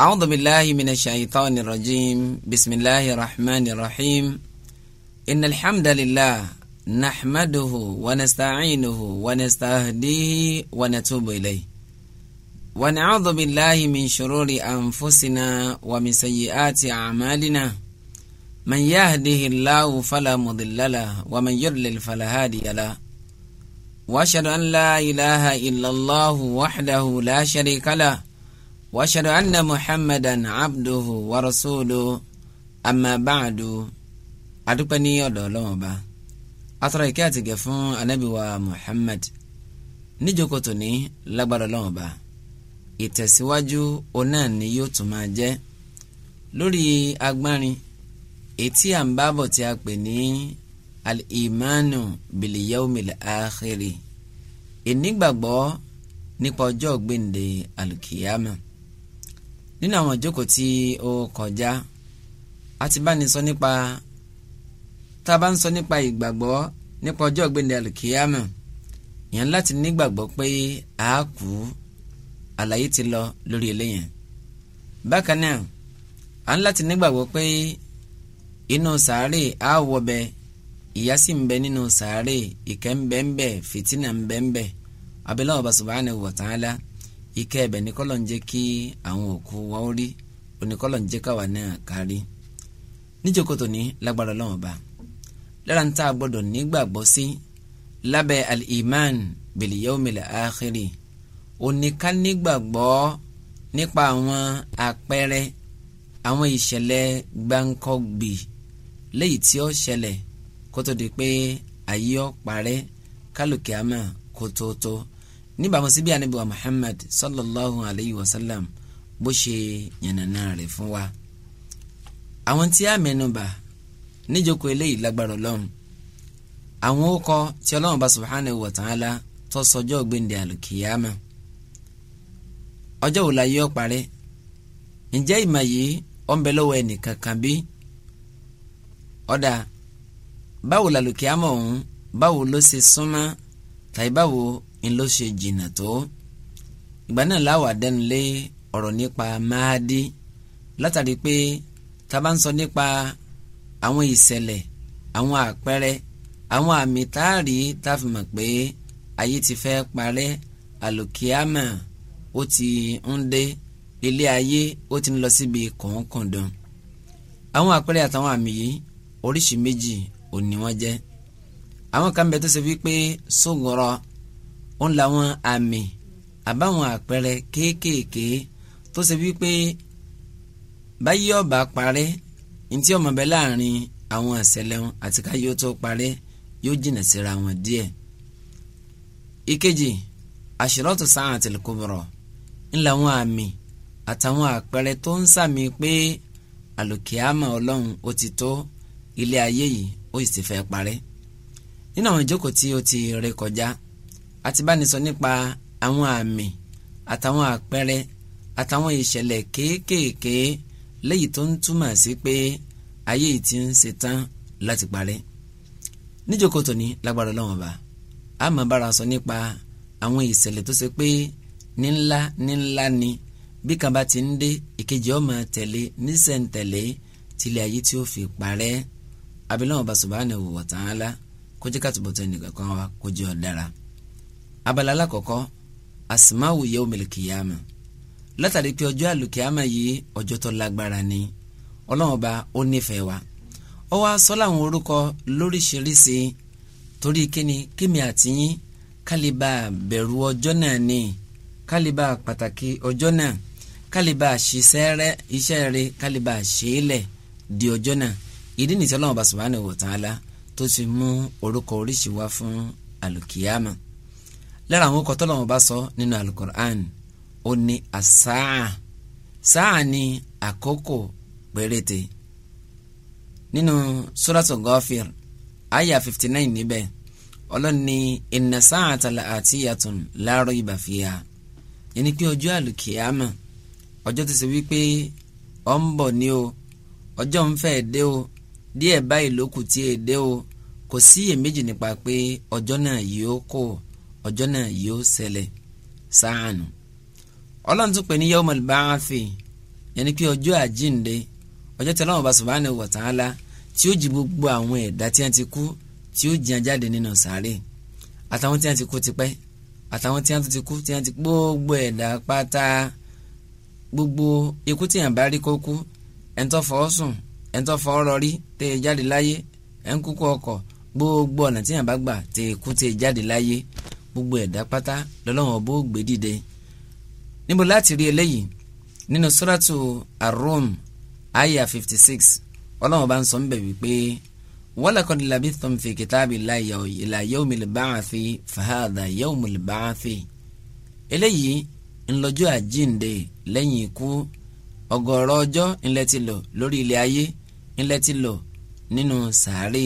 أعوذ بالله من الشيطان الرجيم بسم الله الرحمن الرحيم إن الحمد لله نحمده ونستعينه ونستهديه ونتوب إليه ونعوذ بالله من شرور أنفسنا ومن سيئات أعمالنا من يهده الله فلا مضل له ومن يضلل فلا هادي له وأشهد أن لا إله إلا الله وحده لا شريك له واشهد ان محمدا عبده ورسوله اما بعد adúpẹ́ ní ọ̀dọ̀ ọlọ́run ọba atọ́ra ìkẹ́ àtìgẹ̀ fún ànábì wa muhammad níjókòó tòní lágbára ọlọ́run ọba ìtẹ̀síwájú ọ̀nà ni yóò tún máa jẹ́ lórí agbárin etí à tí a pè ní al-imanu bil ìnígbàgbọ́ nípa ọjọ́ gbèǹde alùkìyàmù. nínú àwọn ìjókòó tí ó kọjá a ti bá ní sọ nípa tá a bá ń sọ nípa ìgbàgbọ́ nípa ọjọ́ ìyẹn láti nígbàgbọ́ pé a kú àlàyé ti lọ lórí eléyẹn bákan náà a ń láti nígbàgbọ́ pé inú sàárè á wọbẹ ìyà sì ń bẹ nínú sàárè ìkẹ́ ń bẹ ń bẹ fìtínà ń bẹ ń ìkẹ́ ẹ̀bẹ̀ ní kọ́lọ̀ ń jẹ́ kí àwọn òkú wa ó rí oníkọ́lọ̀ ń jẹ́ káwa náà kárí níjókòtò ní lágbára Ọlọ́run ba lára ń tá a gbọ́dọ̀ nígbàgbọ́ sí lábẹ́ al-iman bil-yawmil akhiri oníká nígbàgbọ́ nípa àwọn àpẹẹrẹ àwọn ìṣẹ̀lẹ̀ gbáǹkọ́gbì léyìí tí ó ṣẹlẹ̀ kó di pé ayé ó parẹ́ kálukì àmà kó níbàámu síbi ànábì wa Muhammad sallallahu alayhi wa sallam bó ṣe yànnàná rẹ̀ fún wa. àwọn tí a mẹ́nubà níjókòó eléyìí lágbára Ọlọ́run àwọn ó kọ tí Ọlọ́run bá subhanahu wa ta'ala tó sọjọ́ gbẹ̀ndé àlùkìyàmà ọjọ́ òòlà yìí ó parẹ́ ǹjẹ́ ìmọ̀ yìí ó ń bẹ lọ́wọ́ ẹnìkankan bí? ọ̀dà báwo làlùkìyàmà ọ̀hún báwo ló ṣe súnmọ́ tàbí báwo ńlọ ṣe jìnnà tó ìgbà náà láwà dẹnu lé ọ̀rọ̀ nípa Mahdi látàrí pé tá bá ń sọ nípa àwọn ìṣẹ̀lẹ̀ àwọn àpẹẹrẹ àwọn àmì táàrí tá fi mọ̀ pé ayé ti fẹ́ parẹ́ àlòkíámà ó ti ń dé ilé ayé ó ti ń lọ síbi kọ̀ọ̀kọ̀dàn àwọn àpẹẹrẹ àtàwọn àmì yìí oríṣi méjì ò ní wọ́n jẹ́ àwọn kan bẹ tó ṣe wípé sógọrọ òun làwọn àmì àbáwọn àpẹẹrẹ kéékèèké tó ṣe wípé báyìí ọba parẹ́ ntí ọmọ bẹ láàrin àwọn àṣẹlẹ̀ wọn àti káyọ̀ tó parẹ́ yóò jìnà síra wọn díẹ̀. ìkejì àṣírọ́tù sáàtì kubra ńlá wọn àmì àtàwọn àpẹẹrẹ tó ń sàmì pé àlùkìyàmà ọlọ́run ó ti tó ilé ayé yìí ó sì fẹ́ parẹ́. nínú àwọn ìjókòó tí ó ti ré kọjá àti bá ní sọ nípa àwọn àmì àtàwọn àpẹẹrẹ àtàwọn ìṣẹ̀lẹ̀ kéékèèké léyìí tó ń túmọ̀ sí pé ayé yìí ti ń ṣetán láti parẹ́ níjókòó tòní lágbára ọlọ́wọ́n bá a máa bára sọ nípa àwọn ìṣẹ̀lẹ̀ tó ṣe pé nínlá nínlá ni bí kan bá ti ń dé ìkejì ó tẹ̀lé níṣẹ̀ǹtẹ̀lé tilẹ̀ ayé tí ó fi parẹ́ abilọ́wọ́n bá subhanahu wa ta'ala kó jẹ́ ká túbọ̀ tẹ̀ nìkan kan wá kó jẹ́ ọ dára abala alákọ̀ọ́kọ́ asimawu yawmil kiyama látàrí pé ọjọ́ àlùkìyàmà yìí ọjọ́ tó lágbára ni ọlọ́run bá ó nífẹ̀ẹ́ wa ó wá sọ láwọn orúkọ lóríṣiríṣi torí kíni kíni àtìyín kálíbà bẹ̀rù ọjọ́ náà ni kálíbà pàtàkì ọjọ́ náà kálíbà ṣiṣẹ́ rẹ iṣẹ́ rẹ kálíbà ṣeélẹ̀ di ọjọ́ náà ìdí nìtí ọlọ́run bá subhanahu wa ta'ala tó ti mú orúkọ oríṣi wá fún àlùkìyàmà lára àwọn kọtọ lọ́wọ́ bá sọ nínú alukur'an ó ní asáà sáà ní àkókò péréte nínú suratu Ghafir aya fifty nine níbẹ̀ ọlọ́ni inna sa'ata la'atiyatun la rayba fiha yẹni pé ọjọ́ àlùkìyàmà ọjọ́ tó ṣe wípé ọ ń bọ̀ ní o ọjọ́ ń fẹ́ dé o díẹ̀ báyìí ló kù o kò sí iyèméjì nípa pé ọjọ́ náà yìí ó kò ọjọ́ náà yóò ṣẹlẹ̀ sáànù ọlọ́run tún pè ní yawmal ba'thi yẹn pé ọjọ́ àjínde ọjọ́ tí ọlọ́run bá subhanahu wa ta'ala tí ó jí gbogbo àwọn ẹ̀dá tí wọ́n ti kú tí ó jìyàn jáde nínú sàárè àtàwọn tí wọ́n ti kú tipẹ́ àtàwọn tí wọ́n ti kú tí wọ́n ti gbogbo ẹ̀dá pátá gbogbo ikú tí yàn bá rí kó ẹ̀ńtọ́ fọwọ́ sùn ẹ̀ńtọ́ fọwọ́ rọrí tẹ̀ jáde láyé ẹ̀ńkúkú ọkọ̀ gbogbo ọ̀nà tí yàn bá gbà tẹ̀ kú tẹ̀ jáde láyé gbogbo ẹ̀dá pátá lọ́lọ́wọ́n bó gbé dìde níbo láti rí eléyìí nínú suratu ar-Rum fifty six ọlọ́wọ́n bá ń sọ níbẹ̀ wípé walaqad labithtum fi kitabillahi ila yawmil ba'thi fahadha yawmul ba'thi eléyìí ńlọ́jọ́ àjíǹde lẹ́yìn ikú ọ̀gọ̀rọ̀ ọjọ́ ńlẹ ti lò lórí ilẹ̀ ayé ńlẹ ti lò nínú sàárè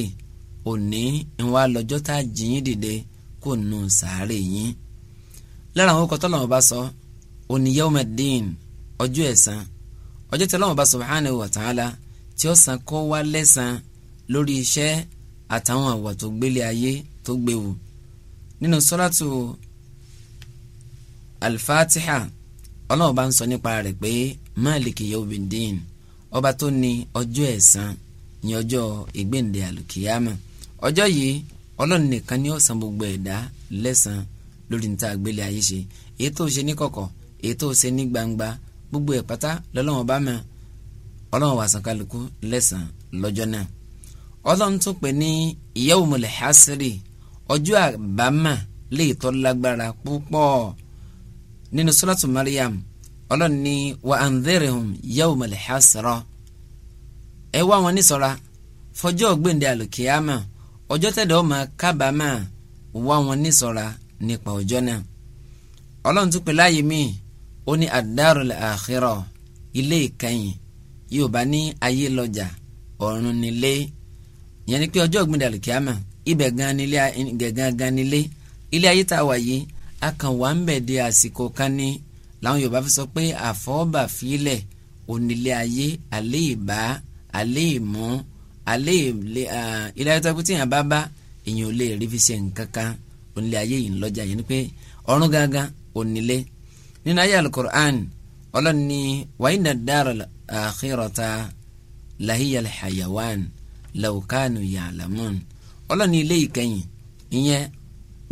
òní ńwá lọ́jọ́ tá a jìn dìde kó nù sàárè yín lára àwọn kọtọ́ làwọn sọ òní yawmaddin ọjọ́ ẹ̀sán ọjọ́ tí ọba subhanahu wa ta'ala tí ó san kọ́ wá lórí iṣẹ́ àtàwọn àwà tó gbélé ayé tó gbéwò nínú ọba tó ní ọjọ́ ní ọjọ́ ìgbéǹde ọlọ́run nìkan ni ó san gbogbo ẹ̀dá lẹ́san lórí níta àgbélé ayé ṣe èyí tó ṣe ní kọ̀kọ̀ èyí tó ṣe ní gbangba gbogbo ẹ̀ pátá lọ́lọ́run bá mọ̀ ọlọ́run wá san kálukú lẹ́san lọ́jọ́ náà ọlọ́run tún pè ní yawmul hasri ọjọ́ àbámà lè tọ́ lágbára púpọ̀ nínú suratu Maryam ọlọ́run ní wa andhirhum yawmal hasra ẹ wá wọn ní ṣọ́ra fọjọ́ gbẹ̀ǹdẹ̀ àlùkìyàmà ọjọ́ tẹ̀dọ̀ ọmọ kábàámà wá wọn níṣọ́ra nípa ọjọ́ náà ọlọ́run tún pè láàyè míì ó ní ad-darul akhirah ilé ìkẹyìn yóò bá ní ayé lọ́jà ọ̀run nílé yẹn ni pé ọjọ́ ògbìn dàlùkìámà ibẹ̀ gan nílé gẹ̀gán gan nílé ilé ayé tá a wà yìí a kàn wá ń bẹ̀ di àsìkò kan ní làwọn Yorùbá fi sọ pé àfọwọ́bà fílẹ̀ onílé ayé àlẹ́ ìbá alẹ́ ilé ayé tó kú tíyàn bá bá èyàn ò lè rí fi ṣe nǹkan kan onílé ayé yìí ńlọ́jà yẹn ni pé ọ̀run gangan onílé nínú ayé alukur'an ọlọ́run ni wàyínà dára àkírọ̀ta lahiyal hayawan laukanu yalamun ọlọ́run ilé ìkẹyìn ìyẹn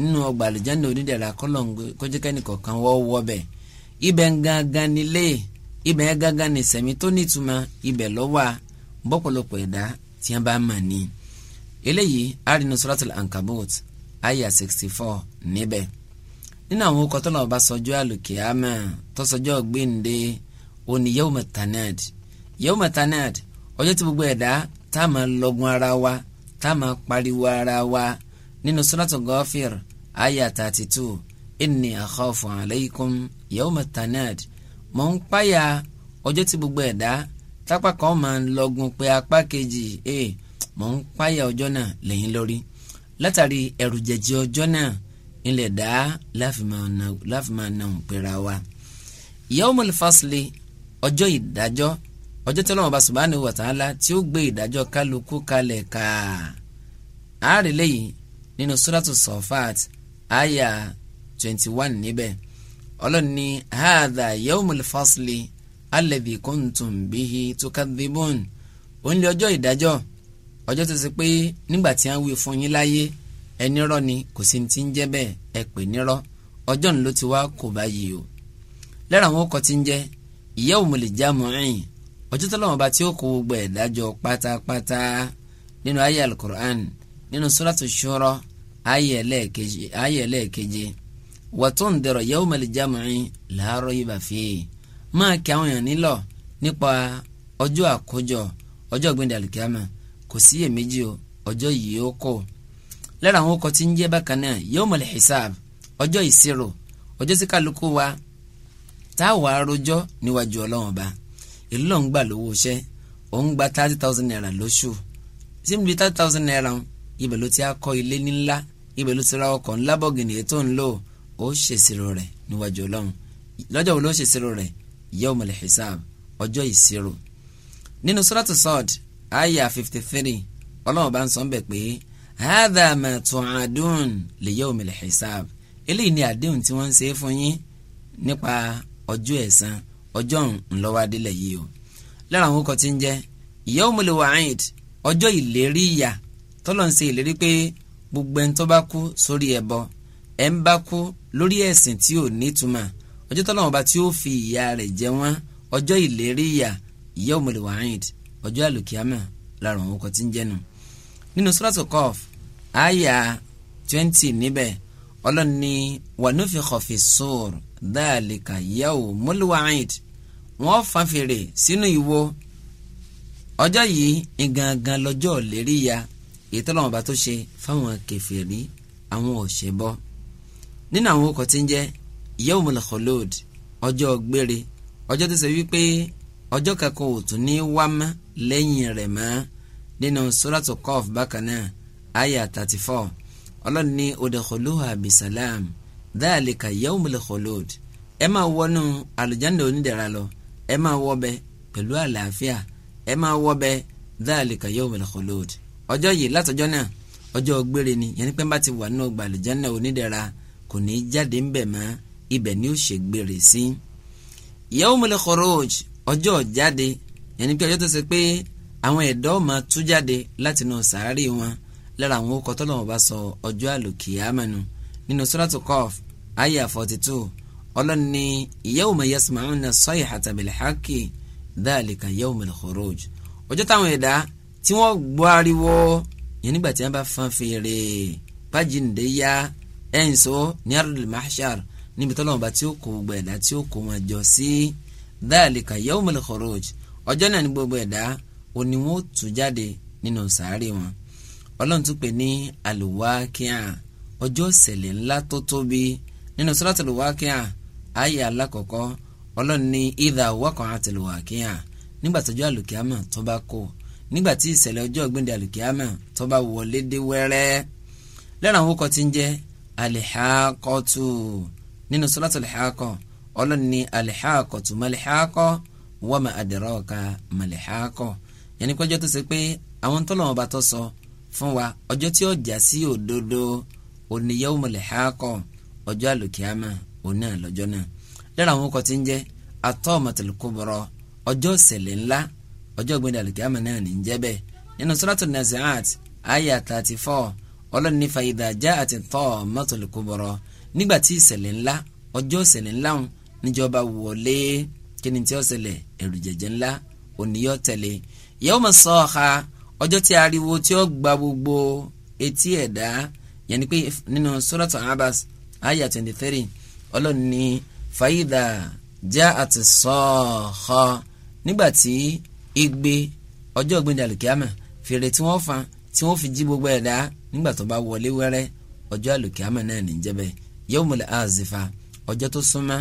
nínú ọgbà àlùjáde onídẹ̀ra kọ́lọ̀ kọjúkẹ́ni kọ̀ọ̀kan wọ́ọ́wọ́ bẹ́ẹ̀ ibẹ̀ ń gangan nílé ibẹ̀ ń gangan ní tó nítumọ̀ ibẹ̀ lọ́wọ́ bọ́pọ̀lọpọ̀ ẹ̀dá tí wọ́n bá mọ̀ ní. eléyìí arinu suratul ankabut aya sixty four níbẹ̀ nínú àwọn okọ̀ tó lọ́ọ́ bá sọjọ́ àlùkìyàmẹ́ tó sọjọ́ gbéǹde òní yawma tanad yawma tanad ọjọ́ tí gbogbo ẹ̀dá tá a máa lọ́gun ara wa tá a máa pariwo ara wa nínú suratul Ghafir aya thirty two inni akhafu alaykum yawma tanad mọ̀ ń páyà ọjọ́ tí gbogbo ẹ̀dá tápá kan máa ń lọ́gun pé apá kejì ẹ̀ mọ̀ ń páyà ọjọ́ náà lẹ́yìn lórí látàrí ẹ̀rù jẹ̀jẹ̀ ọjọ́ náà ilẹ̀ dá láfi máa nà ń pera wa. Yawmul fasli ọjọ́ ìdájọ́ ọjọ́ tí Ọlọ́run bá subhanahu tí ó gbé ìdájọ́ kálukú kalẹ̀ ká àárẹ̀ lẹ́yìn nínú suratu sọ̀fàt àyà twenty one níbẹ̀ Ọlọ́run ní hadha yawmul alladhi kuntum bihi tukadhibun òun lé ọjọ́ ìdájọ́ ọjọ́ tó ṣe pé nígbà tí wọ́n wí fún yín láyé ẹni rọ́ ni kò sí ti ń jẹ́ bẹ́ẹ̀ ẹ pè nírọ́ ọjọ́ ni ló ti wá kò báyìí o lẹ́rọ àwọn ọkọ̀ ti ń jẹ́ yawmul jam'in ọjọ́ tó lọ́wọ́ bá tí ó kó gbogbo ẹ̀dájọ́ pátápátá nínú ayé al-Qur'an nínú suratu Shura ayé ẹlẹ́ẹ̀keje wa tundira yawmul jam'in la rayba fihi máa kí àwọn èèyàn nílọ̀ nípa ọjọ́ àkójọ ọjọ́ ìgbìndà àlùkìyàmà kò sí iyèméjì o ọjọ́ yìí ó kọ̀ lára àwọn ọkọ̀ tí ń jẹ́ bákan náà yawmul hisab ọjọ́ ìṣirò ọjọ́ tí kálukú wa tá a wàá rojọ́ níwájú ọlọ́run ba èló ló ń gbà lówó iṣẹ́ òun gba thirty thousand naira lóṣù síbi thirty thousand naira ibẹ̀ ló ti á kọ́ ilé ńlá ibẹ̀ ló ti ra ọkọ̀ ńlá bọ̀gìnì ètò ńlò ó ṣèṣirò rẹ̀ níwájú ọlọ́run lọ́jọ́ wo ló ṣèṣirò rẹ̀ yawmul hisab ọjọ́ ìṣirò nínú suratu Sad aya fifty three ọlọ́run bá ń sọ bẹ́ẹ̀ pé hadha ma tu'adun li yawmil hisab eléyìí ni àdéhùn tí wọ́n ń ṣe é fún yín nípa ọjọ́ ẹ̀san ọjọ́ ńlọ́wádìlẹ̀ yìí o lára àwọn kọ́ ti ń jẹ́ yawmul wa'id ọjọ́ ìlérí ìyà tọ́lọ̀ ṣe ìlérí pé gbogbo ẹni tó bá kú sórí ẹbọ ẹ̀ ń bá kú lórí ẹ̀sìn tí ò nítumọ̀ ọjọ́ tọ́lọ́wọ́n bá tí ó fi ìyà rẹ̀ jẹ wọ́n ọjọ́ ìlérí ìyà yawmul wa'id ọjọ́ àlùkìyàmà lára àwọn ọkọ̀ tí ń jẹ́nu. nínú suratu Qaf àyà twenty níbẹ̀ ọlọ́run wanufi wa nufikha fi sur dhalika yawmul wa'id wọ́n fa fèrè sínú ìwo ọjọ́ yìí ìgangan lọ́jọ́ ìlérí ìyà èyí tọ́lọ́wọ́n tó ṣe fáwọn kèfèrí àwọn òṣèbọ yawmul khulud ọjọ́ gbére ọjọ́ tó ṣe wípé ọjọ́ kankan ò tún ní wá mọ́ lẹ́yìn rẹ̀ mọ́ nínú suratu Qaf bákan náà àyà thirty four ọlọ́run ní udkhuluha bisalam dhalika yawmul khulud ẹ máa wọnú àlùjáde onídẹ̀ra lọ ẹ máa wọbẹ̀ pẹ̀lú àlàáfíà ẹ máa wọbẹ̀ dhalika yawmul khulud ọjọ́ yìí látọjọ́ náà ọjọ́ gbére ni yẹn ní pẹ́ bá ti wà nínú ọgbà àlùjáde onídẹ̀ra kò ní í jáde ńbẹ̀ mọ́ ibẹ̀ ni ó ṣe gbére sí. yaumul khuruj ọjọ́ jáde yẹnni pé ọjọ́ tó ṣe pé àwọn ẹ̀dọ́ máa tú jáde láti inú sàárì wọn lára àwọn okọ̀ tọ́lọ́wọ́n bá sọ ọjọ́ àlùkìyámẹ́nu nínú suratu Qaf aya forty two ọlọ́ni yauma yasma'una sayhata bil haqqi dhalika yaumul khuruj ọjọ́ táwọn ẹ̀dá tí wọ́n gbọ́ ariwo yẹn nígbà tí wọ́n bá fan fèrè pàjìǹde ẹ̀ ń sọ ní ardul níbi tọ́lọ́wọ́n bá tí ó kó gbogbo ẹ̀dá tí ó kó wọn jọ sí dhalika yawmul khuruj ọjọ́ náà ní gbogbo ẹ̀dá òní wọn ó tú jáde nínú sàárè wọn ọlọ́run tún pè ní al-waqi'a ọjọ́ ìṣẹ̀lẹ̀ ńlá tó tóbi nínú suratul waqi'a àyá alákọ̀ọ́kọ́ ọlọ́run ní idha waqa'atil waqi'a nígbà tọ́jú àlùkìyàmà tó bá kó nígbà ìṣẹ̀lẹ̀ nínú suratul Haqa ọlọ́ni al-Haqatu mal-Haqa wa ma adraka mal-Haqa yẹnni pẹ́jọ́ tó ṣe pé àwọn tó lọ́wọ́ bá tó sọ fún wa ọjọ́ tí ó jà sí òdodo òní yawmul Haqa ọjọ́ àlùkìyàmà òní àlọ́jọ́ náà lára àwọn ọkọ̀ tí ń jẹ́ atọ́ọ̀mọ̀tìlì kúbọ̀rọ̀ ọjọ́ ìṣẹ̀lẹ̀ ńlá ọjọ́ ìgbẹ́ni 34 ọlọ́ni fa idha ja'ati at-taammatul kubra nígbà tí ìṣẹ̀lẹ̀ ńlá ọjọ́ ìṣẹ̀lẹ̀ ńlá ọ̀hún níjọba wọlé kí ni tí ó ṣẹlẹ̀ ẹ̀rù jẹ̀jẹ̀ ńlá òníyọ́ tẹ̀lé yẹ́wò mọ̀ sọ ọ̀ha ọjọ́ tí ariwo tí ó gba gbogbo etí ẹ̀dá yẹn ni pé nínú suratul Abas aya twenty three ọlọ́run ní fàyídà já àti sọ́ọ̀họ́ nígbà tí igbe ọjọ́ ògbéǹde àlùkìyàmà fèrè tí wọ́n fa tí wọ́n fi jí gbogbo ẹ̀dá nígbà tó bá wọlé wẹ́rẹ́ ọjọ́ àlùkìyàmà náà ní yawmul azifa ọjọ́ tó súnmọ́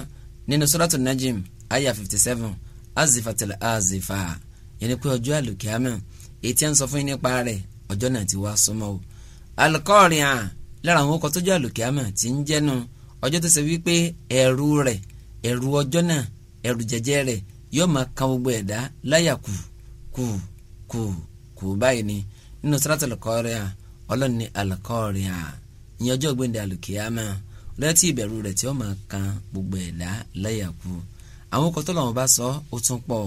nínú suratul najim aya fifty seven azifatil azifa yẹn ni pé ọjọ́ àlùkìyámà ètí à ń sọ fún yín nípa rẹ̀ ọjọ́ náà ti wá súnmọ́ o alikọ́ọ̀rìn à lára àwọn ọkọ̀ tọ́jú àlùkìyámà ti ń jẹ́nu ọjọ́ tó ṣe wípé ẹ̀rù rẹ̀ ẹ̀rù ọjọ́ náà ẹ̀rù jẹjẹ rẹ̀ yóò máa kan gbogbo ẹ̀dá láyà kù kù kù kù báyìí ni nínú suratul kọ́ọ̀rìn à ọlọ́ni alikọ́ọ̀rìn à ìyẹn ọjọ́ ògbéǹde àlùkìyámà láti ìbẹ̀rù rẹ̀ tí ó máa kan gbogbo ẹ̀dá lẹ́yà àwọn ọkọ̀ tọ́lọ́run bá sọ ó tún pọ̀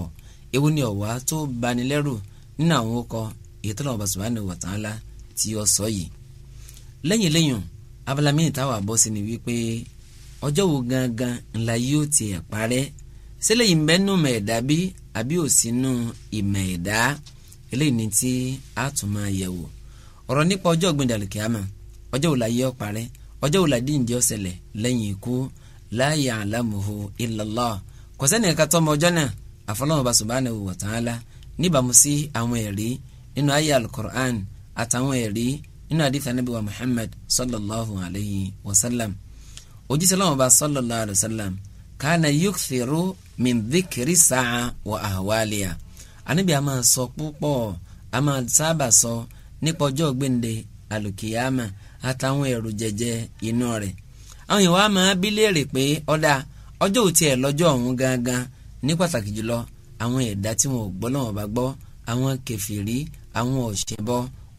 ewu ni ọ̀wá tó bani lẹ́rù nínú àwọn ọkọ̀ èyí tọ́lọ́run bá subhanahu wa tí ó sọ yìí lẹ́yìn lẹ́yìn abala wà bọ́ sí ni wípé ọjọ́ wo gangan ńlá yóò parẹ́ sílẹ̀ àbí òsínú eléyìí ni tí wò ọ̀rọ̀ nípa ọjọ́ òlàdí ǹjẹ́ ọ̀sẹ̀lẹ̀ lẹ́yìn ikú la ya'lamuhu illallah kò sẹ́ni ẹ̀ka tọ́mọ ọjọ́ náà àfọlọ́mọba subhanahu wa ta'ala níbàámu sí àwọn ẹ̀rí nínú ayé al-Qur'an àtàwọn ẹ̀rí nínú àdìsí Ànábì wa Muhammad sallallahu alayhi wa sallam òjíṣẹ́ lọ́mọba sallallahu alayhi wa sallam kana yukthiru min dhikri sa'a wa ahwaliya Ànábì a máa sọ púpọ̀ a máa sábà sọ nípa ọjọ́ gbẹ̀ǹde alùkìyàmà àtàwọn ẹ̀rù jẹjẹ inú rẹ̀ àwọn ìwà máa bí léèrè pé ọ̀dà ọjọ́ òtí ẹ̀ lọ́jọ́ ọ̀hún gangan ní pàtàkì jùlọ àwọn ẹ̀dá tí wọn ò gbọ́ náà bá gbọ́ àwọn kẹfìrí àwọn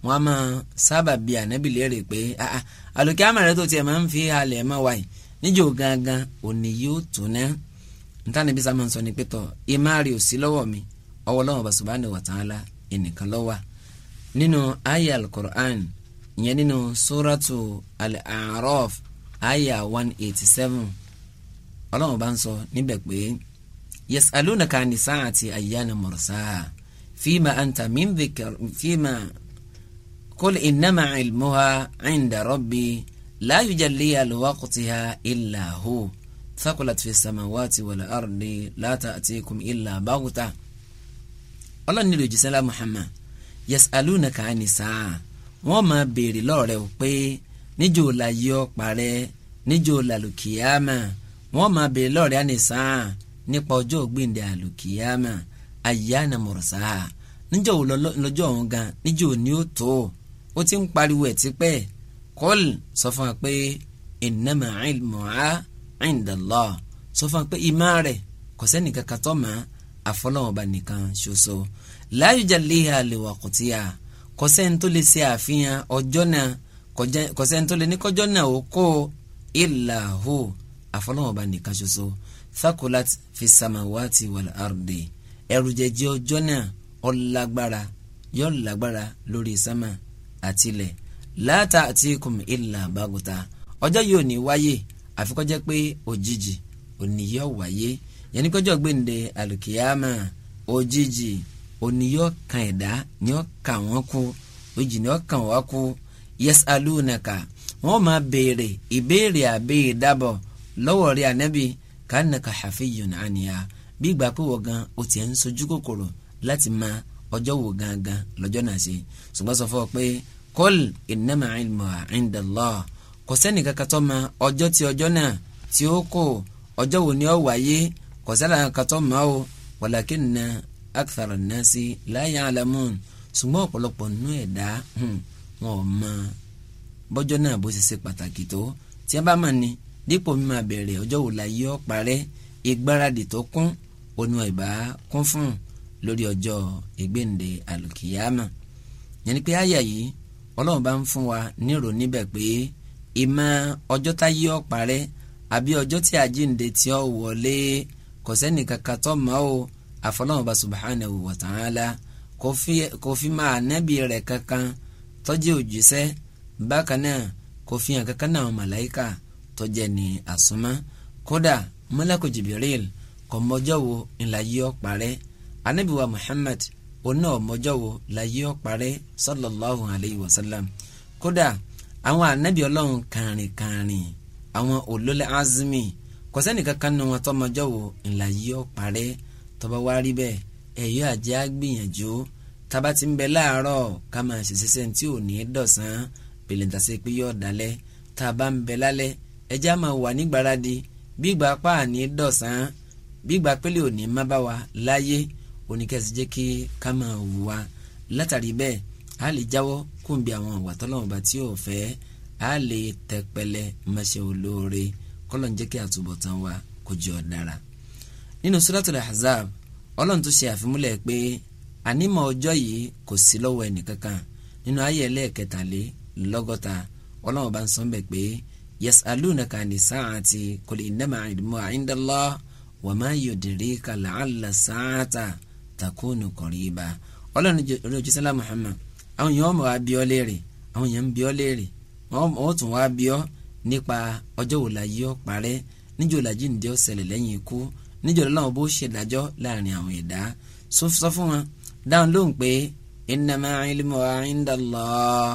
wọn a máa sábà bí ànábì léèrè pé àlòkè àmàlẹ́ tó tiẹ̀ máa ń fi halẹ̀ ẹ̀ máa wáyé níjọ́ gangan òní yóò tún náà ma sọ ni pẹtọ imaari ò lọ́wọ́ mi ọwọ́ lọ́wọ́ ẹnìkan nínú ayé ìyẹn nínú suratu al-A'raf aya one eighty seven ọlọ́run bá ń sọ níbẹ̀ pé yasalunaka ni saati ayyana mursaha fima anta min dhikr fima qul innama ilmuha inda rabbi la yujalliya liwaqtiha illa hu thaqulat fi samawati wal ardi la ta'tikum illa baghtah ọlọ́run nílò jisala muhammad yasalunaka ni saati wọ́n máa béèrè lọ́rọ̀ rẹ̀ pé níjó la yí ọ parẹ́ níjó la lùkìyàmà wọ́n máa béèrè lọ́rọ̀ rẹ̀ ànisàn nípa ọjọ́ ògbìndé àlùkìyàmà àyànà mọ̀rọ̀sá níjó lọ́jọ́ òun gan níjó ni ó tó ó ti ń pariwo ẹ̀ tipẹ́ kọ́l sọ fún wa pé innama ilmuha indallah sọ fún wa pé ìmá rẹ̀ kò sẹ́nìkan kan tó mọ̀ àfọlọ́wọ́ba nìkan ṣoṣo la yujalliha liwaqtiha kọ́sẹ́ni tó lè ṣe àfihàn ọjọ́ náà kọ́sẹ́ni tó lè ní kọjọ́ náà ó kó ìlà hó àfọlọ́wọ́ba nìkan ṣoṣo thakulat fi samawati wal ardi ẹrù jẹjẹ ọjọ́ náà ọlágbára yọ lágbára lórí sámà àtilẹ̀ láta àti ikùn ìlà bàgùtà ọjọ́ yìí ò ní wáyé àfi pé òjijì ò ní yọ wáyé yẹn kọjọ́ gbẹ̀ǹde àlùkìyàmà òjijì òní yóò kan ẹ̀dá ni yóò kà wọ́n kú òjì ni yóò kàn wọ́n kú yasalunaka wọ́n máa béèrè ìbéèrè àbéè dábọ̀ lọ́wọ́ rí ànábì kánàkà hafiyun àníyá bí ìgbà pé wọ́n gan o tiẹ̀ ń sojú kòkòrò láti ma ọjọ́ wo gangan lọ́jọ́ náà ṣe ṣùgbọ́n sọ fún ọ pé kọ́l innama ilmuha inda Allah kò sẹ́ni kankan tó ma ọjọ́ tí ọjọ́ náà tí ó kò ọjọ́ wo ni ó wáyé kò sẹ́ni kankan tó ma o walakinna akthara nasi la ya'lamun ṣùgbọ́n ọ̀pọ̀lọpọ̀ nínú ẹ̀dá hmm, wọn ò mọ bọ́jọ́ náà bó ṣe ṣe pàtàkì tó tí a bá mà ní dípò mímọ abẹ̀rẹ̀ ọjọ́ wò la yí ọ́ parẹ́ ìgbáradì tó kún onú ìbá kún fún lórí ọjọ́ ìgbéǹde àlùkìyàmà yẹn ni pé àyà yìí ọlọ́run bá ń fún wa nírò níbẹ̀ pé ìmọ̀ ọjọ́ tá yí ọ́ parẹ́ àbí ọjọ́ tí àjíǹde tí ó wọlé kò sẹ́nìkankan tó mọ̀ ọ́ àfọlọ́run bá subhanahu wa ta'ala kò fi máa nẹ́bí rẹ̀ kankan tó jẹ́ òjíṣẹ́ bákan náà kò fi hàn kankan náà màláìka tó jẹ́ ní àsúnmọ́ kódà mọ́lákò jìbìrìl kò mọjọ́ wo ńlá yí Muhammad oná ọmọjọ́ wo la yí sallallahu alayhi wa sallam kódà àwọn anábì ọlọ́run kàrìnkàrìn àwọn olólè azmi kò sẹ́nìkankan nínú wọn tọ́mọjọ́ wo ńlá yí ọ́ tọ́ba wá rí bẹ́ẹ̀ ẹ̀yọ́ àjẹ́ á gbìyànjú tába ti ń bẹ láàárọ̀ ká máa ṣe ṣiṣẹ́ tí ò ní dọ̀sán pèlèntà sí pé yóò dalẹ̀ tába ń bẹ lálẹ́ ẹjẹ́ á máa wà nígbàradì gbígbà pa àní dọ̀sán gbígbà pẹ́lẹ́ òní má bá wa láyé oníkẹ́sì jẹ́ kí ká máa wù wá látàrí bẹ́ẹ̀ a lè jáwọ́ kó ń àwọn àwà tọ́lọ́wọ́n bá tí ò fẹ́ a lè tẹpẹlẹ máṣe olóore kọ́lọ́n jẹ́ kí àtúbọ̀tán wa kó jọ dára nínú suratul ahzab ọlọ́run tó ṣe àfimúlẹ̀ pé ànímọ̀ ọjọ́ yìí kò sí lọ́wọ́ ẹnìkankan nínú ayé ẹlẹ́ẹ̀kẹtàlélọ́gọ́ta ọlọ́run bá ń sọ bẹ́ẹ̀ pé yasalunaka ni saati qul innama ilmu indallah wa ma yudrika la'alla saata takunu qariba ọlọ́run rojúsálà muhammad àwọn èèyàn ọmọ wa bí ọ léèrè àwọn èèyàn ń bí ọ léèrè wọ́n tún wá bí ọ nípa ọjọ́ wò la ọ parẹ́ níjọ́ làjí ǹdẹ́ ọ ṣẹlẹ̀ lẹ́yìn ikú níjọ́ lọ́wọ́ bó ṣe dájọ́ láàrin àwọn ẹ̀dá sọ fún wọn dáhùn lóhùn pé innama ilmuha inda Allah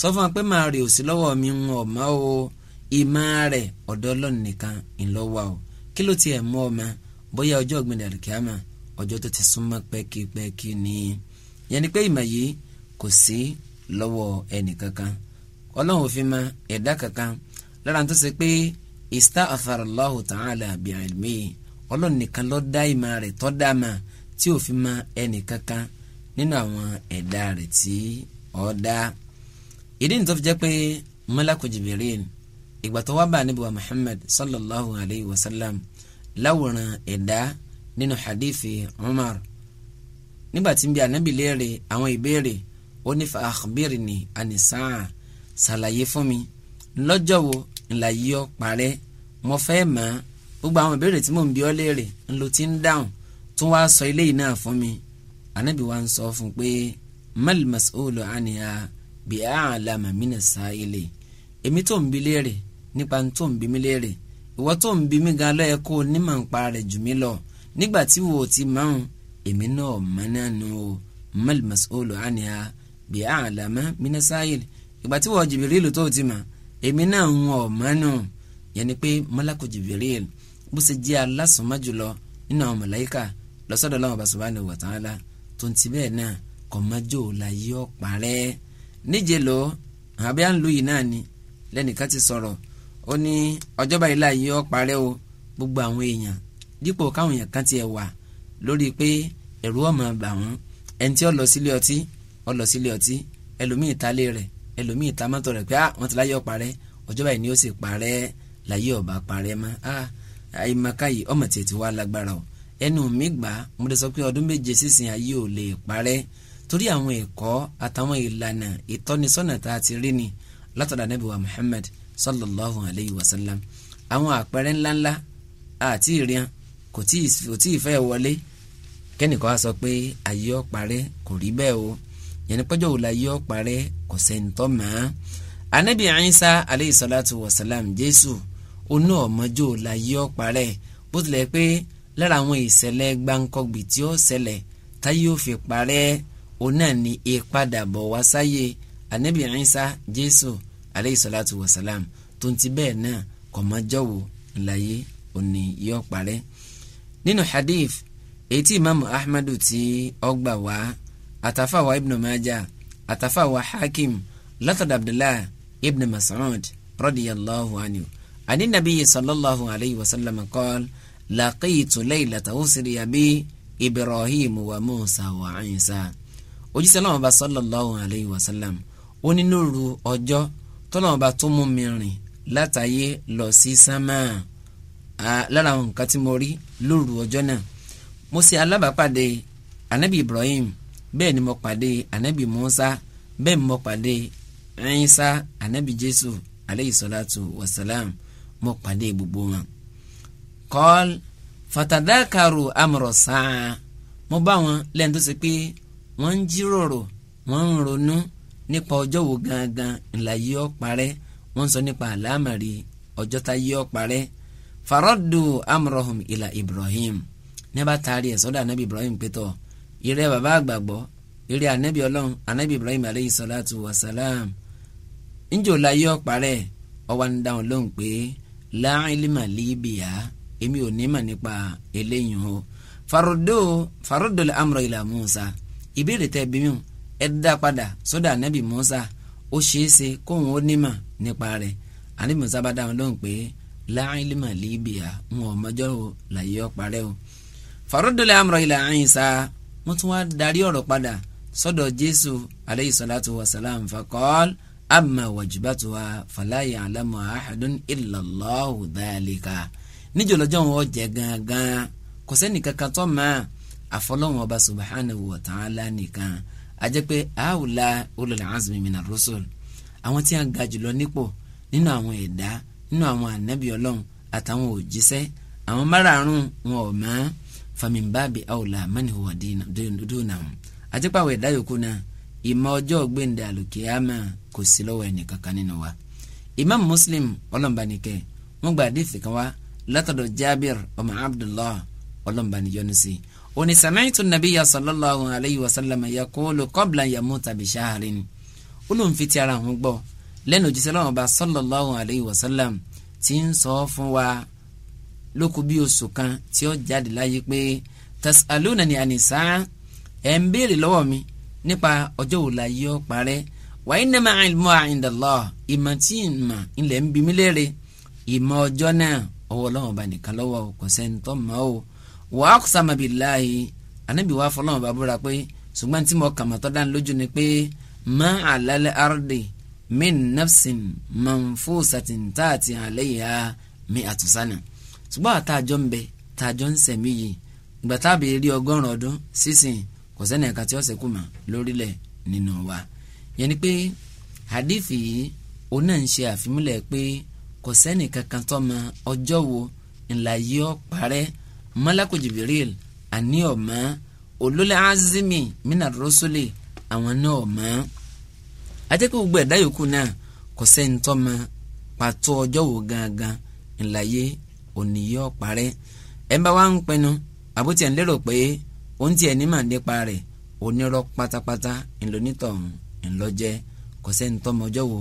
sọ fún wọn pé màá rè òsì lọ́wọ́ mi ń wọ̀ mọ́ o ìmọ̀ rẹ̀ ọ̀dọ̀ Ọlọ́run nìkan ńlọ́wọ́ o kí ló tiẹ̀ mú ọmọ bóyá ọjọ́ ọ̀gbìnrin àlùkìyàmà ọjọ́ tó ti súnmọ́ pẹ́kípẹ́kí ni yẹn ni pé ìmọ̀ yìí kò sí lọ́wọ́ ẹnìkankan Ọlọ́run ò fi ẹ̀dá kankan lára tó ṣe pé ista'athara Allahu ta'ala bi'ilmihi ọlọ́run nìkan ló dá ìmọ̀ rẹ̀ tó dá mà tí ò fi mọ ẹnìkankan nínú àwọn ẹ̀dá rẹ̀ tí ó dá. ìdí nìtọ́ fi jẹ́ pé mọ́lákù jìbìrín ìgbà tó wá bá níbi wa Muhammad sallallahu alayhi wa sallam láwòrán ẹ̀dá nínú hadithi Umar nígbà tí ń bi ànábì léèrè àwọn ìbéèrè ó ní fa akhbirni ànisáà ṣàlàyé fún mi lọ́jọ́ wo ńlá yíyọ́ parẹ́ mo fẹ́ mọ̀ gbogbo àwọn ìbéèrè tí mò ń bi ọ́ léèrè ń lo ti ń dáhùn tún wá sọ eléyìí náà fún mi ànábì wa ń sọ fún pé mal mas'ulu àníyá bí a àlàmà mina sa'ili èmi tó ń bi léèrè nípa tó ń bi mí léèrè ìwọ tó ń bi mí gan lọ́yẹ kó o nímọ̀ ń pa rẹ̀ jù mí lọ nígbà tí wo ti máa ń èmi náà mọ̀ náà nù o mal mas'ulu àníyá bí a àlàmà mina sa'ili ìgbà tí wọ́n Jibril tó ti mọ̀ èmi náà ń wọ̀ mọ́ nù yẹn ni pé malaku Jibril bó ṣe jẹ́ alásùnmọ́ jùlọ nínú àwọn màláíkà lọ́sọ̀dọ̀ Ọlọ́hun Ọba Subhanahu wa Ta'ala tó ń ti bẹ́ẹ̀ náà kò má jò la yọ parẹ́ níje lọ àbí à ń lu yìí náà ni lẹ́nìkan ti sọ̀rọ̀ ó ní ọjọ́ báyìí la yọ parẹ́ o gbogbo àwọn èèyàn dípò káwọn èèyàn kan tiẹ̀ wà lórí pé ẹ̀rù ó máa bà wọ́n ẹni tí ó lọ sílé ọtí ó lọ sílé ọtí ẹlòmíì ta lé rẹ̀ àyèmàkà yìí ọmọ tètè wá lágbára o ẹnu mi gbà mo lè sọ pé ọdún méje sísìn ayé ò lè parẹ́ torí àwọn ẹ̀kọ́ àtàwọn ìlànà ìtọ́nisọ́nà tá a ti rí ni látọ̀dá Ànábì wa Muhammad sallallahu alayhi wa sallam àwọn àpẹẹrẹ ńláńlá àti ìrìn kò tí ì fẹ́ wọlé kẹ́nìkan á sọ pé ayé ó parẹ́ kò rí bẹ́ẹ̀ o yẹn ní pọ́jọ́ òòlù ayé ó parẹ́ kò sẹ́ńtọ́ mọ́ Ànábì Ìsá alayhi salatu wa salam Jésù onú ọ̀mọ́jọ́ láyé ọ̀parẹ́ bó tilẹ̀ pé lára àwọn ìṣẹ̀lẹ̀ gbáǹkọ́gbì tí ó ṣẹlẹ̀ táyé ò fi parẹ́ òun náà ni ìpadàbọ̀ wá sáyé Ànábì Ìsá Jésù alayhi salatu wa salam tó ń ti bẹ́ẹ̀ náà kọ̀mọ́jọ́wò láyé òní yọ parẹ́. nínú hadith èyí imaamu ahmadu ti ọgbà wá àtàfàwà ibn Majah àtàfàwà hakim látọ̀dọ̀ ibn Mas'ud radiyallahu anhu ani nabi sallallahu alayhi wa sallam qaal laqiitu laylata usriya bi ibrahim wa musa wa isa ojúṣe náà bá sallallahu alayhi wa sallam ó ní lóru ọjọ́ tọ́lọ́wọ́n bá tó mú mi rìn látàyé lọ sí sámà lára àwọn nǹkan tí mo rí lóru ọjọ́ náà mo ṣe alábàápàdé anabi ibrahim bẹ́ẹ̀ ni mo pàdé anabi musa bẹ́ẹ̀ ni mo pàdé ẹ̀yìnsá anabi jésù aleyhisalatu wasalam mo pàdé gbogbo wọn. kọ́l fatadakaru amọ̀rọ̀ sáà mo bá wọn lẹ́nu tó ṣe pé wọ́n ń jíròrò wọ́n ń ronú nípa ọjọ́ wo gangan ńlá yìí ó parẹ́ wọ́n ń sọ nípa àlámàrí ọjọ́ tá yìí ó parẹ́ faroddu amrohum ila ibrahim ní bá taari ẹ̀ sọ́dọ̀ anabi ibrahim pétọ́ ìrẹ́ bàbá àgbàgbọ́ ìrẹ́ anabi ọlọ́run anabi ibrahim aleyhi salatu wa salam ńjọ́ la yìí ó parẹ́ ó wá láìlímà líbìá èmi ò ní mà nípa eléyìí o farodo farodo lè amúrò ìlà musa ìbéèrè tẹ bí mi o ẹ dá padà sódà anabi musa ó ṣeé ṣe kóun ó ní mà nípa rẹ̀ anabi musa bá dáhùn lóhùn pé láìlímà líbìá ń wọ ọmọjọ́ o làyè ọ̀parẹ́ o farodo lè amúrò ìlà Ìsá wọ́n tún wá darí ọ̀rọ̀ padà sọ́dọ̀ jésù aleyhi salatu wa salam fakọ́ọ́lù amma wajibatuha fala ya'lamu ahadun illallahu dhalika níjọ́lọ́jọ́ wọn jẹ́ gangan kò sẹ́ni kankan tó máa àfọlọ́wọn ọba subhanahu wa ta'ala nìkan ajẹ́ pé àwùlá ulul azmi minar rusul àwọn tí a ga jùlọ nípò nínú àwọn ẹ̀dá nínú àwọn ànábì ọlọ́run àtàwọn òjíṣẹ́ àwọn márààrún wọn ò mọ́ famin babi àwùlá man huwa dúnà ajẹ́ pé àwọn ẹ̀dá yòókù náà ìmọ̀ ọjọ́ gbẹ̀ǹdà àlùkìyàmà kò sí lọ́wọ́ ẹnì kankan nínú wa. imam muslim ọlọ́mbanike wọ́n gba àdéhìí kan wá látọ̀dọ̀ jabir ọmọ abdullah ọlọ́mbanijọ́nu sí i. òní sàmẹ́yìntì nàbíyà sallallahu alayhi wa sallam yakulu qabla yamuta bi shahrin olóńfi ti ara àwọn gbọ́ lẹ́nu òjíṣẹ́ lọ́wọ́n sallallahu alayhi wa sallam ti ń sọ fún wa lóko bí oṣù kan tí anisa ẹ̀ ń nípa ọjọ́ wo la yọ parẹ́ wàyí nàmà ilmuha indallah ìmọ̀ tí ìmọ̀ ilẹ̀ ń bimi léèrè ìmọ̀ ọjọ́ náà ọwọ́ ọlọ́run bá nìkan lọ́wọ́ kò sẹ́ńtọ́ mọ́ o wà á aqsama billahi anábì wà fọlọ́run bá búra pé ṣùgbọ́n tí mo kà mọ́tọ́ dání lójú ni pé má àlálẹ́ ardi min nafsin manfusatin táàtì àlẹ́yà mi àtúnṣánà ṣùgbọ́n àtàjọ ń bẹ tàjọ ń sẹ̀mí yìí ìgbà kò sẹ́ni ẹ̀ka tí ó ṣẹ́kù mọ́ lórílẹ̀ nínú wa yẹn ni pé hadithi yìí òun náà ń ṣe àfimúlẹ̀ pé kò sẹ́ni kankan tó mọ ọjọ́ wo ńlá yìí parẹ́ malako jibril àní ọ̀mọ́ olólè azimi mina rosole àwọn náà ọ̀mọ́ àtẹ́kọ̀ gbogbo ẹ̀dá yòókù náà kò sẹ́ni tó mọ pàtó ọjọ́ wo gangan ńlá yìí parẹ́ ẹ̀ bá wa ń pinnu àbótiẹ̀ ń lérò pé òun tiẹ̀ ní màá nípa rẹ̀ onírọ́ pátápátá ńlọnítọ̀hún ńlọjẹ́ kò sẹ́ni tọ́mọjọ́ wò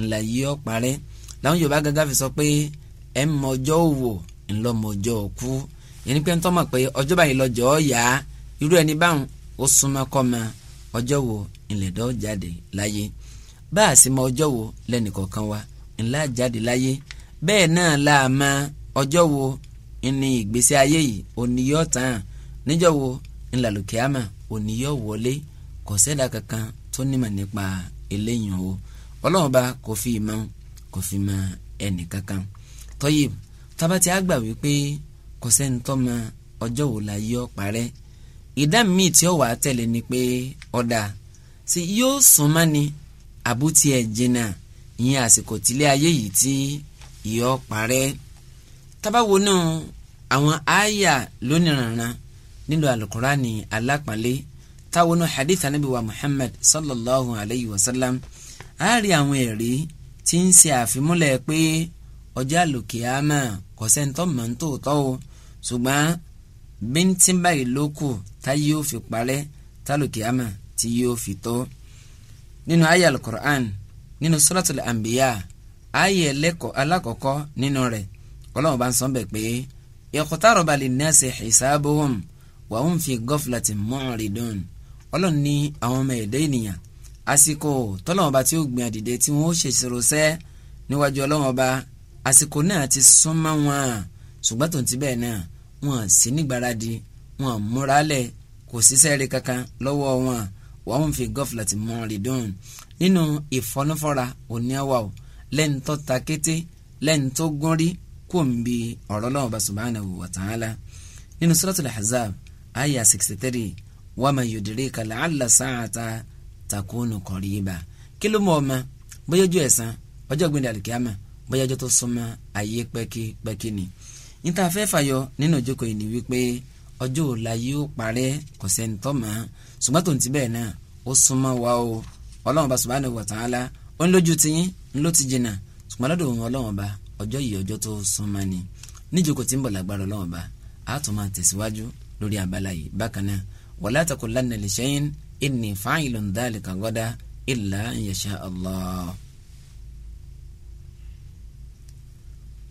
ńlá yìí ọ̀ parẹ́ làwọn Yorùbá gàgà fi sọ pé ẹ̀ mọjọ́ wò ńlọmọjọ́ kú yẹn ni pé ń tọ́mọ̀ pé ọjọ́ báyìí lọ́jọ́ yá irú ẹni báwọn ó súnmọ́ kọ́ ma ọjọ́ wo ńlẹ̀dọ́ jáde láyé bá a sì mọ ọjọ́ wo lẹ́nìkọ̀ọ̀kan wa ńlá jáde láyé bẹ́ẹ̀ náà la máa ọjọ́ wo ní ìgbésí ayé yìí òní yọ̀ tán níjọ́ wo ńlá lùkìámà òní yóò wọlé kò sẹ́dá kankan tó nímọ̀ nípa eléyìí o ọlọ́run bá kò fi ìmọ̀ kò fi mọ̀ ẹnì kankan tọ́yì tábàtì àgbà wípé kò sẹ́ni tó mọ̀ ọjọ́ wo la yọ parẹ́ ìdá míì tí ó wà á tẹ̀lé ni pé ọ̀dà sí yóò sùn má ni àbútí ẹ̀ jìnnà ìyẹn àsìkò tílé ayé yìí tí ìyọ́ parẹ́ tábàwọnú àwọn àyà lónìí rànran nínú alukurani alápàlẹ́ táwọn náà hadith anabi wa muhammad sallallahu alayhi wa sallam a rí àwọn ẹ̀rí tí ń ṣe àfimúlẹ̀ pé ọjọ́ àlùkìyàmà kò sẹ́ńtọ́ mọ̀ ń tòótọ́ o ṣùgbọ́n bíntín báyìí ló kù tá yóò fi parẹ́ tálùkìyàmà tí yóò fi tó. nínú ayé alukur'an nínú suratul anbiya ayé ẹlẹ́kọ̀ọ́ alákọ̀ọ́kọ́ nínú rẹ̀ ọlọ́run bá ń sọ bẹ́ẹ̀ pé iqtaraba linnasi hisabuhum wa hum fi ghaflatin mu'ridun ọlọ́run ní àwọn ọmọ ẹ̀dá ènìyàn àsìkò tọ́lọ́run ọba tí ó gbìn àdìdẹ tí wọ́n ó ṣèṣirò sẹ́ níwájú ọlọ́run ọba àsìkò náà ti súnmọ́ wọn ṣùgbọ́n tó ti bẹ́ẹ̀ náà wọn sì nígbàradì wọn múra lẹ̀ kò síṣẹ́ rí kankan lọ́wọ́ wọn wa hum fi ghaflatin mu'ridun nínú ìfọnúfọ́ra òní àwà ò lẹ́ni tó ta kété lẹ́ni tó gún rí kò ń bi ọ̀rọ̀ Ọlọ́run Ọba subhanahu wa ta'ala nínú Suratul Ahzab aya sixty three wàmà yòdìrí kàlà àlà sáàtà takùnù kọ̀rìbà kí ló mọ̀ ọmọ bóyá ojú ẹ̀sán ọjọ́ gbẹ̀dẹ̀ àlùkìyàmà bóyá ọjọ́ tó súnmọ́ ayé pẹ́kípẹ́kí ni níta fẹ́ fàyọ nínú ìjókòó yìí ni wípé ọjọ́ ọ̀la yóò parẹ́ kò sẹ́ni tọ́ mọ́ ṣùgbọ́n tó ń ti bẹ́ẹ̀ náà ó súnmọ́ wa o ọlọ́run bá subhanahu wa ta'ala ó ń lójú tiyín ń ló ti jìnnà ṣùgbọ́n lọ́dọ̀ òun ọlọ́run bá ọjọ́ yìí ọjọ́ tó súnmọ́ ni níjókòó tí ń bọ̀ lágbára ọlọ́run bá a tẹ̀síwájú lórí abala yìí bákan náà wala taqulanna li shay'in inni fa'ilun dhalika ghadan illa an yasha Allah